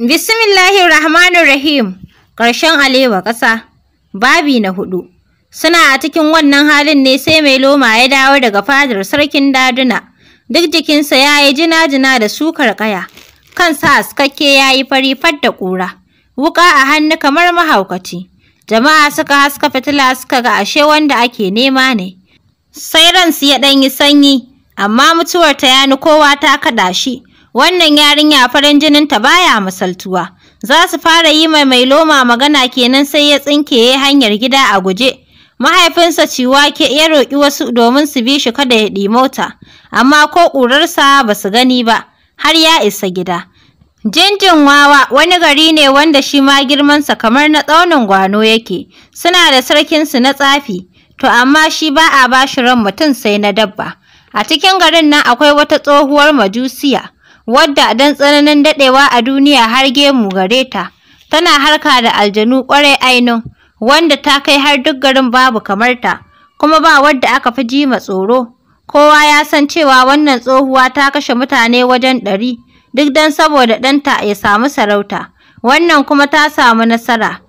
Bismillahirrahmanirrahim. Ƙarshen alewa ƙasa. Babi na hudu. Suna a cikin wannan halin ne sai mai loma ya dawo daga fadar sarkin daduna. Duk jikinsa ya yi jina-jina da sukar ƙaya. Kansa askakke ya yi fari fat da ƙura. Wuƙa a hannu kamar mahaukaci. Jama'a suka haska fitila suka ga ashe wanda ake nema ne. Sai ransu ya ɗan yi sanyi, amma mutuwar ta yani kowa ta kaɗa shi. wannan yarinya farin jinin ta baya misaltuwa za su fara yi mai mai loma magana kenan sai ya tsinke ya hanyar gida a guje mahaifinsa ciwake ya roƙi wasu domin su bi shi kada ya ɗi mota. amma ko ƙurarsa ba su gani ba har ya isa gida Jinjin wawa wani gari ne wanda shi ma girmansa kamar na tsaunin gwano yake suna da sarkinsu na tsafi to amma shi ba a bashi ran mutum sai na dabba a cikin garin nan akwai wata tsohuwar majusiya wadda don tsananin daɗewa a duniya har gemu gare ta. Tana harka da aljanu ƙwarai ainun, wanda ta kai har duk garin babu kamar ta, kuma ba wadda aka fi jima tsoro. Kowa ya san cewa wannan tsohuwa ta kashe mutane wajen ɗari, duk don saboda ɗanta ya samu sarauta. Wannan kuma ta samu nasara.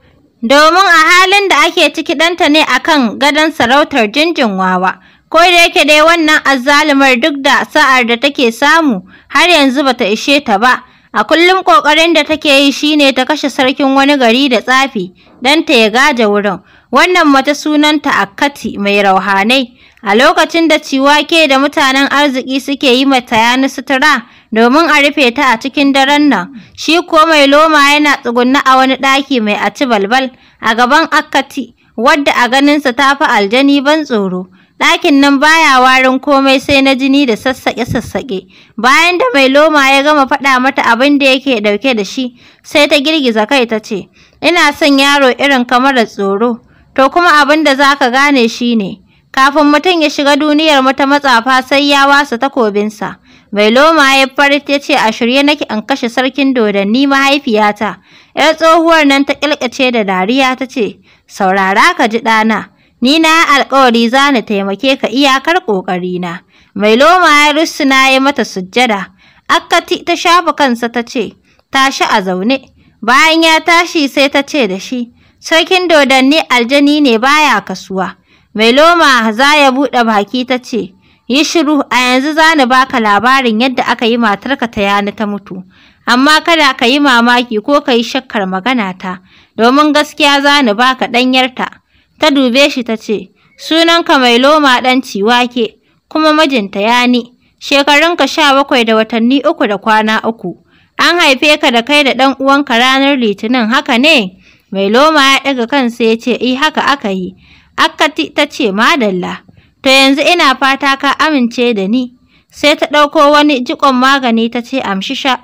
Domin a halin da ake ciki ɗanta ne a kan gadon sarautar jinjin wawa. ko da yake dai wannan azzalumar duk da sa'ar da take samu har yanzu bata ishe ta ba. A kullum ƙoƙarin da take yi shine ta kashe sarkin wani gari da tsafi don ta ya gaje wurin. Wannan mace sunanta Akati mai rauhanai. A lokacin da Ciwake da mutanen arziki suke yi mata ni sutura domin a rufe ta a cikin daren nan, shi ko mai loma yana tsugunna a wani ɗaki mai aci balbal a gaban Akati wadda a ganinsa ta fi aljani ban tsoro. ɗakin nan baya warin komai sai na jini da sassaƙe-sassaƙe. Bayan da mai loma ya gama faɗa mata abin da yake ɗauke da shi, sai ta girgiza kai ta ce, Ina son yaro irin kamar tsoro, to kuma abin da za ka gane shi ne, kafin mutum ya shiga duniyar mata matsafa sai ya wasa takobinsa. Mai loma ya farit ya ce, A shirye nake an kashe sarkin dodanni mahaifiyata. ‘Yar tsohuwar nan ta ƙilƙace da dariya ta ce, Saurara ka ji ɗana. Ni na alƙawari za ni taimake ka iyakar ƙoƙarina. Mai loma ya rusuna ya mata sujjada. Akkati ta shafa kansa ta ce, tashi a zaune. Bayan ya tashi sai ta ce da shi, sarkin dodanni aljani ne baya kasuwa. Mai loma za ya buɗe baki ta ce, yi shiru a yanzu za ni baka labarin yadda aka yi matarka ta yani ta mutu. Amma kada ka yi mamaki ko ka yi shakkar maganata, domin gaskiya za ni baka ɗanyarta. Ta dube shi ta ce, Sunanka mai loma ɗan ciwake, kuma mijinta ya ni. shekarunka sha bakwai da watanni uku da kwana uku. An haife ka da kai da ɗan uwanka ranar Litinin haka ne? Mai loma ya ɗaga kansa ya ce, I eh, haka aka yi. Akkati ta ce, Madalla, to yanzu ina fata ka amince da ni. Sai ta ɗauko wani jikon magani ta ce, Amshi sha.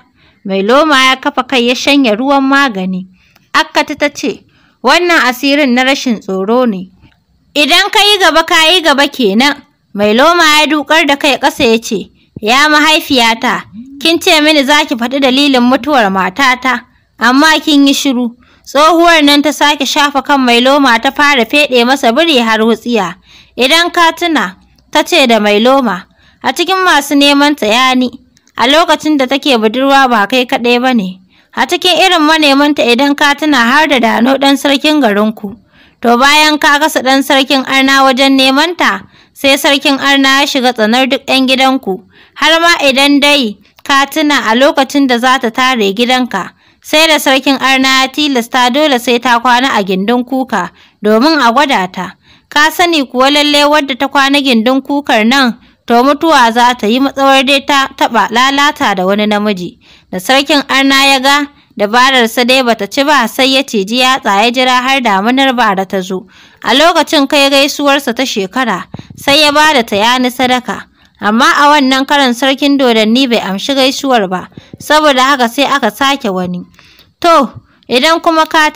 Mai loma ya kafa kai ya shanya ruwan magani. Akkati ta ce, Wannan asirin na rashin tsoro ne. Idan ka yi gaba ka yi gaba kenan. Mai loma ya dukar da kai ƙasa ya ce, Ya mahaifiyata, kin ce mini za ki faɗi dalilin mutuwar matata, amma kin yi shiru. Tsohuwar nan ta sake shafa kan mai loma ta fara feɗe masa biri har wutsiya. Idan ka tuna, ta ce da mai loma, a cikin masu neman ta yani, a lokacin da take budurwa ba kai kaɗai ba ne. a cikin irin manemanta idan ka tuna har da dano ɗan sarkin garinku. To bayan ka gasa ɗan sarkin arna wajen nemanta, sai sarkin arna ya shiga tsanar duk ɗan gidanku, har ma idan dai ka tuna a lokacin da za ta tare gidanka. Sai da sarkin arna ya tilasta dole sai ta kwana a gindin kuka domin a gwada ta. Ka sani kuwa lallai wadda ta kwana gindin kukar nan to mutuwa za ta yi matsawar dai ta taɓa lalata da wani namiji da sarkin arna ya ga dabararsa dai bata ci ba sai ya ciji yatsa ya jira har damunar bara ta zo a lokacin kai gaisuwarsa ta shekara sai ya ba da tayani sadaka amma a wannan karan sarkin dodanni bai amshi gaisuwar ba saboda haka sai aka sake wani to idan kuma ka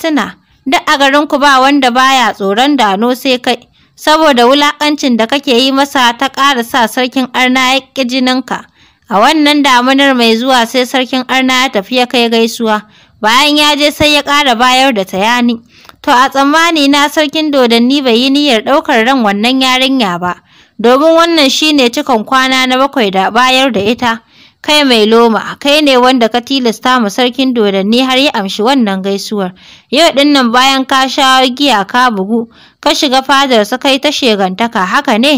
duk a garinku ba wanda baya tsoron dano sai kai saboda wulakancin da kake yi masa ta ƙara sa sarkin arna ya ƙi jininka a wannan damunar mai zuwa sai sarkin arna ya tafi ya kai gaisuwa bayan ya je sai ya ƙara bayar da tayani to a tsammani na sarkin dodanni bai yi niyyar ɗaukar ran wannan yarinya ba domin wannan shi ne cikon kwana na bakwai da bayar da ita kai mai loma kai ne wanda ka tilasta ma sarkin dodanni har ya amshi wannan gaisuwar yau ɗin nan bayan ka sha giya ka bugu ka shiga fadarsa kai ta shegantaka haka ne?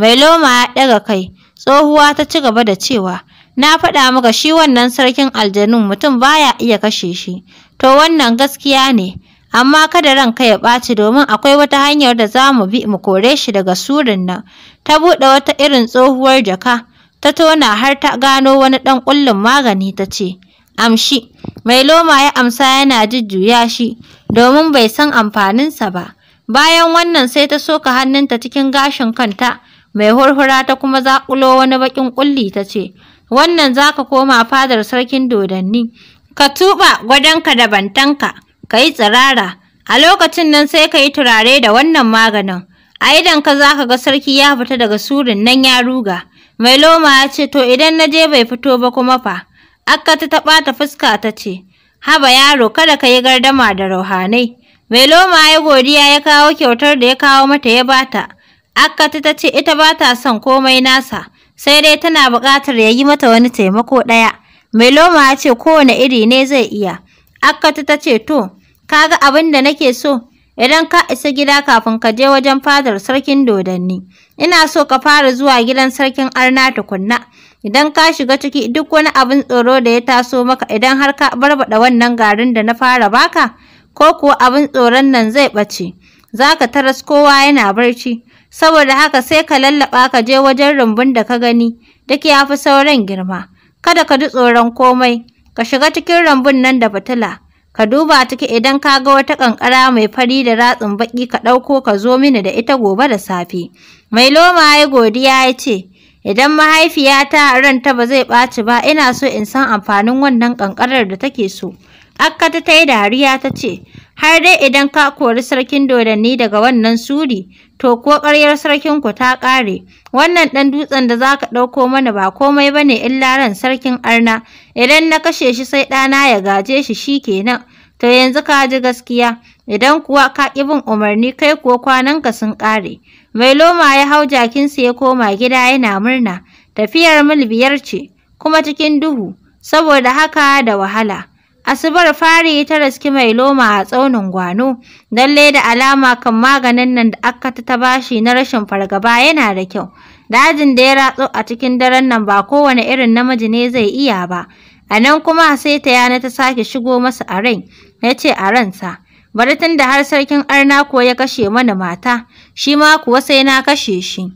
Mai loma ya ɗaga kai, tsohuwa ta ci gaba da cewa, na faɗa maka shi wannan sarkin aljanun mutum baya iya kashe shi, to wannan gaskiya ne, amma kada ranka ya ɓaci domin akwai wata hanyar da za mu bi mu kore shi daga surin nan. Ta buɗe wata irin tsohuwar jaka, ta tona har ta gano wani ɗan ƙullin magani ta ce, amshi, mai loma ya amsa yana jujjuya shi, domin bai san amfaninsa ba. Bayan wannan sai ta soka hannunta cikin gashin kanta, mai hurhura ta kuma zaƙulo wani baƙin ƙulli ta ce, Wannan za ka koma fadar sarkin dodanni, ka tuɓa gwadonka da bantanka, ka yi tsirara, a lokacin nan sai ka yi turare da wannan maganin. A idan ka za ka ga sarki ya fita daga surin nan ya ruga. Mai loma ya ce, To idan na je bai fito ba kuma fa, akka ta taɓa ta fuska ta ce, Haba yaro kada ka yi gardama da rauhanai. Veloma ya godiya ya kawo kyautar da ya kawo mata ya bata. Akkata ta ce ita ba ta son komai nasa, sai dai tana buƙatar ya yi mata wani taimako ɗaya. Mai ya ce kowane iri ne zai iya. Akkata ta ce to, ga abin da nake so, idan ka isa gida kafin ka je wajen fadar sarkin dodanni. Ina so ka fara zuwa gidan sarkin arna tukunna. Idan ka shiga ciki duk wani abin tsoro da ya taso maka idan har ka barbaɗa wannan garin da na fara baka, ko kuwa abin tsoron nan zai ɓace. Za ka taras kowa yana barci, saboda haka sai ka lallaɓa ka je wajen rumbun da ka gani, duk ya fi sauran girma. Kada ka ji tsoron komai, ka shiga cikin rumbun nan da fitila, ka duba ciki idan ka ga wata ƙanƙara mai fari da ratsin baƙi ka ɗauko ka zo mini da ita gobe da safe. Mai loma ya godiya ya ce, Idan mahaifiyata ranta ba zai ɓaci ba, ina so in san amfanin wannan ƙanƙarar da take so. Akka ta yi dariya ta ce, Har dai idan ka kori sarkin dodanni daga wannan suri, to ko ƙaryar ku ta ƙare, wannan ɗan dutsen da za ka ɗauko mana ba komai ba ne illa ran sarkin arna, idan na kashe shi sai ɗana ya gaje shi shi kenan. To yanzu ka ji gaskiya, idan kuwa ka ƙi bin umarni kai kuwa kwananka sun ƙare. Mai loma ya hau jakinsa ya koma gida yana murna, tafiyar mil biyar ce, kuma cikin duhu, saboda haka da wahala. Asubar fari ta raski mai loma a tsaunin gwano, dalle da alama kan maganin nan da aka ta bashi na rashin fargaba yana da kyau. Dajin da ya ratso a cikin daren nan ba kowane irin namiji ne zai iya ba. A nan kuma sai ta yana ta sake shigo masa a rai, ya ce a ransa, bari tun da har sarkin arna ko ya kashe mana mata, shi ma kuwa sai na kashe shi.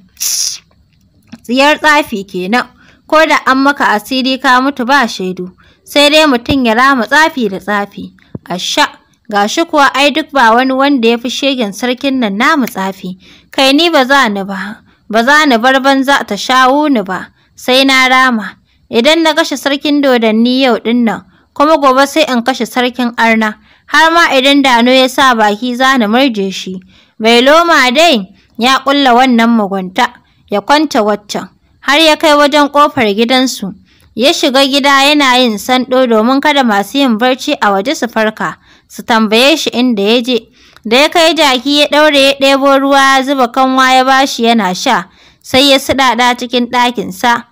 Tsiyar tsafi kenan, ko da an maka asiri ka mutu ba shaidu. sai dai mutum ya rama tsafi da tsafi. Asha, shi kuwa ai duk ba wani wanda ya fi shegen sarkin nan namu tsafi. Kai ni ba za ni ba, ba za ni bar banza ta shawo ni ba, sai na rama. Idan na kashe sarkin dodanni yau din nan, kuma gobe sai in kashe sarkin arna, har ma idan dano ya sa baki za ni murje shi. Bai loma dai ya ƙulla wannan mugunta, ya kwanta waccan, har ya kai wajen ƙofar gidansu. ya shiga gida yana yin sanɗo domin kada masu yin barci a waje su farka su tambaye shi inda ya je da ya kai jaki ya ɗaure ya ɗebo ruwa ya zuba kanwa ya ba shi yana sha sai ya siɗaɗa cikin ɗakinsa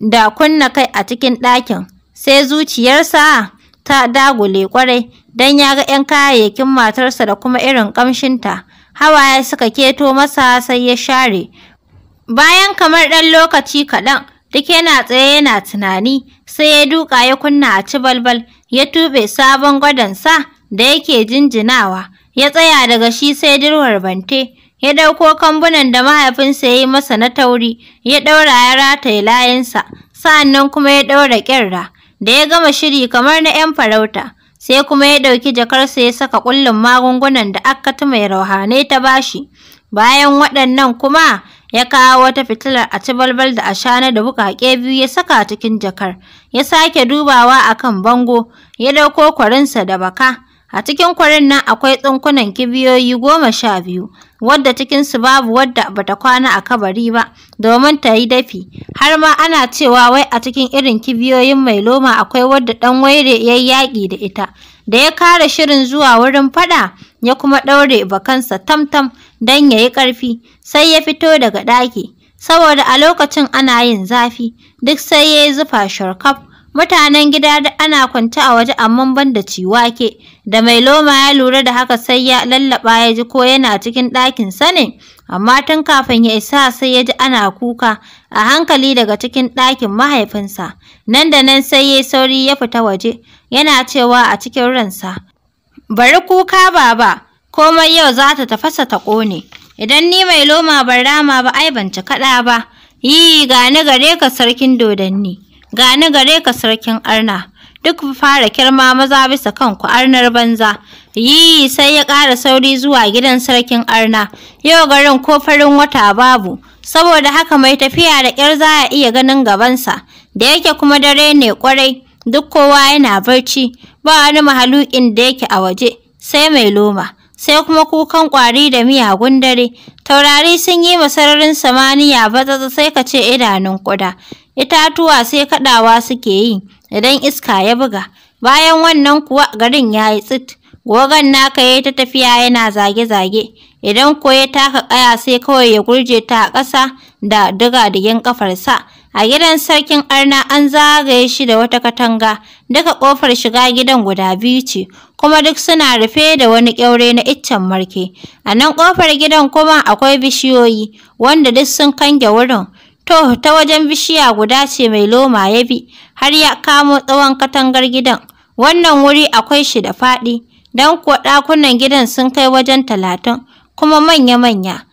da kunna kai a cikin ɗakin sai zuciyarsa ta dagule ƙwarai don ya ga 'yan kayayyakin matarsa da kuma irin ƙamshinta hawaye suka keto masa sai ya share bayan kamar ɗan lokaci kaɗan Duk yana tsaye yana tunani, sai ya duka ya kunna a ci balbal, ya tube sabon gwadonsa da yake jinjinawa, ya tsaya daga shi sai dirwar bante, ya ɗauko kambunan da mahaifinsa ya yi masa na tauri, ya ɗaura ya rataye layinsa, sa'annan kuma ya ɗaura ƙyarra, da ya gama shiri kamar na ‘yan farauta. Sai kuma ya ɗauki jakarsa ya saka ƙullin magungunan da ta mai rauhane ta bashi. Bayan waɗannan kuma ya kawo wata fitilar a ci balbal da ashana da bukake biyu ya saka cikin jakar ya sake dubawa a kan bango ya dauko kwarinsa da baka a cikin kwarin nan akwai tsunkunan kibiyoyi goma sha biyu wadda cikinsu babu wadda bata kwana a kabari ba domin ta yi dafi har ma ana cewa wai a cikin irin kibiyoyin mai loma akwai wadda ɗan waire ya yi yaƙi da ita da ya kare shirin zuwa wurin faɗa ya kuma ɗaure bakansa tamtam don ya yi ƙarfi, sai ya fito daga ɗaki. Saboda a lokacin ana yin zafi, duk sai ya yi zufa sharkaf. Mutanen gida da ana kwance a waje amma ban da ciwake, da mai loma ya lura da haka sai ya lallaɓa ya ji ko yana cikin ɗakin sanin. Amma tun kafin ya isa sai ya ji ana kuka a hankali daga cikin ɗakin mahaifinsa. Nan da nan sai ya sauri ya fita waje, yana cewa a cikin ransa, Bari kuka baba, komai yau za ta tafasa ta ƙone. Idan ni mai loma ban rama ba ai ban ci kaɗa ba, yi gani gare ka sarkin dodanni, gani gare ka sarkin arna, duk fara kirma maza bisa kanku arnar banza. Yi sai ya ƙara sauri zuwa gidan sarkin arna, yau garin ko farin wata babu, saboda haka mai tafiya da ƙyar za a iya ganin gabansa, da yake kuma dare ne ƙwarai, duk kowa yana barci, ba wani mahaluƙin da yake a waje, sai mai loma. sai kuma kukan ƙwari da miyagun dare. Taurari sun yi sararin samaniya batsatsa sai ka ce idanun ƙuda. Itatuwa sai kaɗawa suke yi idan iska ya buga. Bayan wannan kuwa garin ya yi tsit. Gogon naka ya ta tafiya yana zage-zage. Idan ko ya taka ƙaya sai kawai ya gurje ta ƙasa da diga-digin ƙafarsa. A gidan sarkin Arna an zagaye shi da wata katanga, duka ƙofar shiga gidan guda biyu ce, kuma duk suna rufe da wani ƙyaure na iccen marke. A nan ƙofar gidan kuma akwai bishiyoyi, wanda duk sun kange wurin. To, ta wajen bishiya guda ce mai loma ya bi, har ya kamo tsawon katangar gidan. Wannan wuri akwai shi da faɗi, don kuwa ɗakunan gidan sun kai wajen talatin, kuma manya-manya.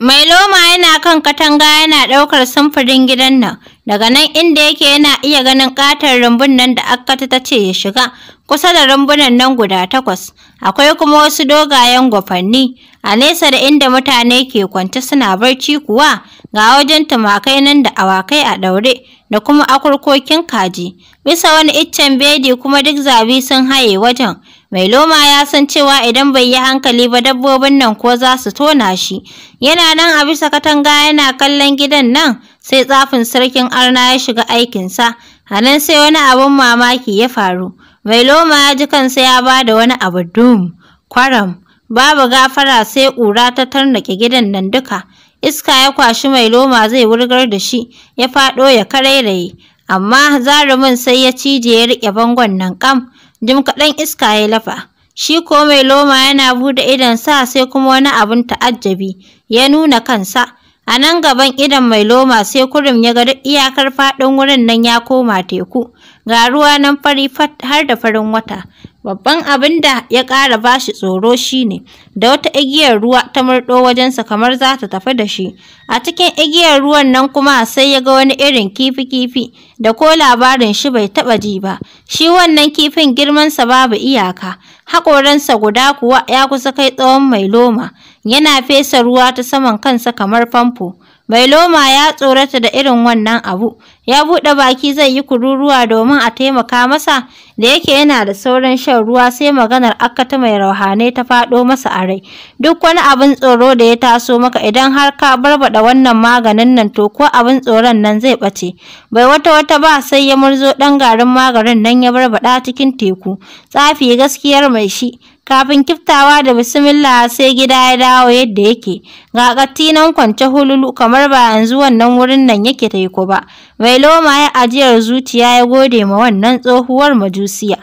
Mai loma yana kan katanga yana ɗaukar samfurin gidan nan, daga nan inda yake yana iya ganin ƙatar rumbun nan da akata ta ce ya shiga, kusa da rumbunan nan guda takwas. Akwai kuma wasu dogayen gwafanni, a nesa da inda mutane ke kwance suna barci kuwa, ga wajen tumakai nan da awakai a ɗaure, da kuma akurkokin kaji. Bisa wani iccen bedi kuma duk zabi sun haye wajen. Mai loma ya san cewa idan bai yi hankali ba dabbobin nan ko za su tona shi. Yana nan a bisa katanga yana kallon gidan nan sai tsafin sarkin arna ya shiga aikinsa. A nan sai wani abin mamaki ya faru. Mai loma ya ji kansa ya ba da wani abu dum, kwaram, babu gafara sai ƙura ta tarnake gidan nan duka. Iska ya kwashi mai loma zai wurgar da shi, ya faɗo ya karairaye. Amma zarumin sai ya cije ya riƙe bangon nan ƙam. jim kaɗan iska ya lafa. Shi ko mai loma yana buɗe sa sai kuma wani abin ta'ajjabi ya nuna kansa. A nan gaban idon mai loma sai kurum ya ga duk iyakar faɗin wurin nan ya koma teku, ga ruwa nan fari har da farin wata, Babban abin da ya ƙara ba shi tsoro shi ne, da wata igiyar ruwa ta murɗo wajensa kamar za ta tafi da shi. A cikin igiyar ruwan nan kuma sai ya ga wani irin kifi-kifi da ko labarin shi bai taɓa ji ba. Shi wannan kifin girmansa babu iyaka, haƙoransa guda kuwa ya kusa kai tsawon mai loma. Yana fesa ruwa ta saman kansa kamar famfo. Loma ya tsorata da irin wannan abu, ya buɗe baki zai yi kururuwa domin a taimaka masa, da yake yana da sauran shan ruwa sai maganar ta mai rauhane ta faɗo masa a rai. Duk wani abin tsoro da ya taso maka idan har ka barbaɗa wannan maganin nan to ko abin tsoron nan zai ɓace. Bai wata wata ba sai ya murzo ɗan garin maganin nan ya barbaɗa cikin teku. Tsafi gaskiyar mai shi, Kafin kiftawa da bismillah sai gida ya dawo yadda yake. Ga katinan kwance hululu kamar ba yanzu wannan wurin nan yake taiko ba. Mai loma ya ajiyar zuciya ya gode ma wannan tsohuwar majusiya.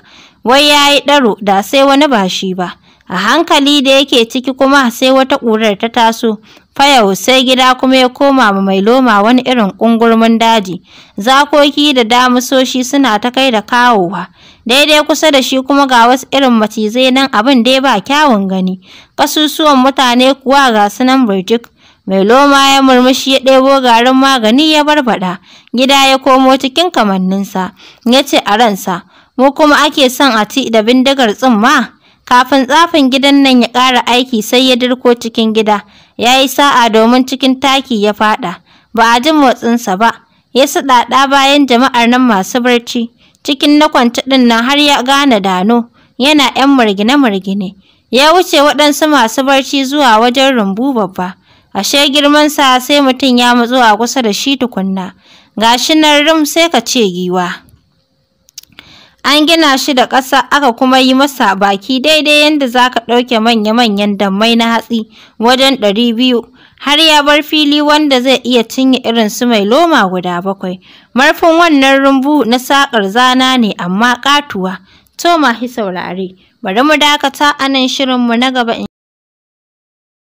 Wai ya yi ɗaro da sai wani ba shi ba. A hankali da yake ciki kuma sai wata ƙurar ta taso. Fayau sai gida kuma ya koma ma mai loma wani irin ƙungurmin daji. Zakoki da damisoshi suna ta kai da kawowa. daidai kusa da shi kuma ga wasu irin macizai nan abin dai ba kyawun gani ƙasusuwan mutane kuwa ga su nan birjik mai loma ya murmushi ya ɗebo garin magani ya barbaɗa gida ya komo cikin kamanninsa ya ce a ransa mu kuma ake son a ci da bindigar tsumma kafin tsafin gidan nan ya ƙara aiki sai ya dirko cikin gida ya yi sa'a domin cikin taki ya faɗa ba a ji motsinsa ba ya saɗaɗa bayan jama'ar nan masu barci cikin na kwance ɗin nan har ya gane dano yana yan margine-margine Ya wuce waɗansu masu barci zuwa wajen rumbu babba. Ashe sa sai mutum ya matsu a kusa da shi tukunna. Ga shi nan rum sai ka ce giwa. An gina shi da ƙasa aka kuma yi masa baki daidai yadda za ka ɗauke manya-manyan dammai na hatsi wajen ɗari biyu. har ya bar fili wanda zai iya cinye irin su mai loma guda bakwai. Marfin wannan rumbu na sakar zana ne amma katuwa. To ma hi saurare, bari mu dakata anan nan shirinmu na gaba.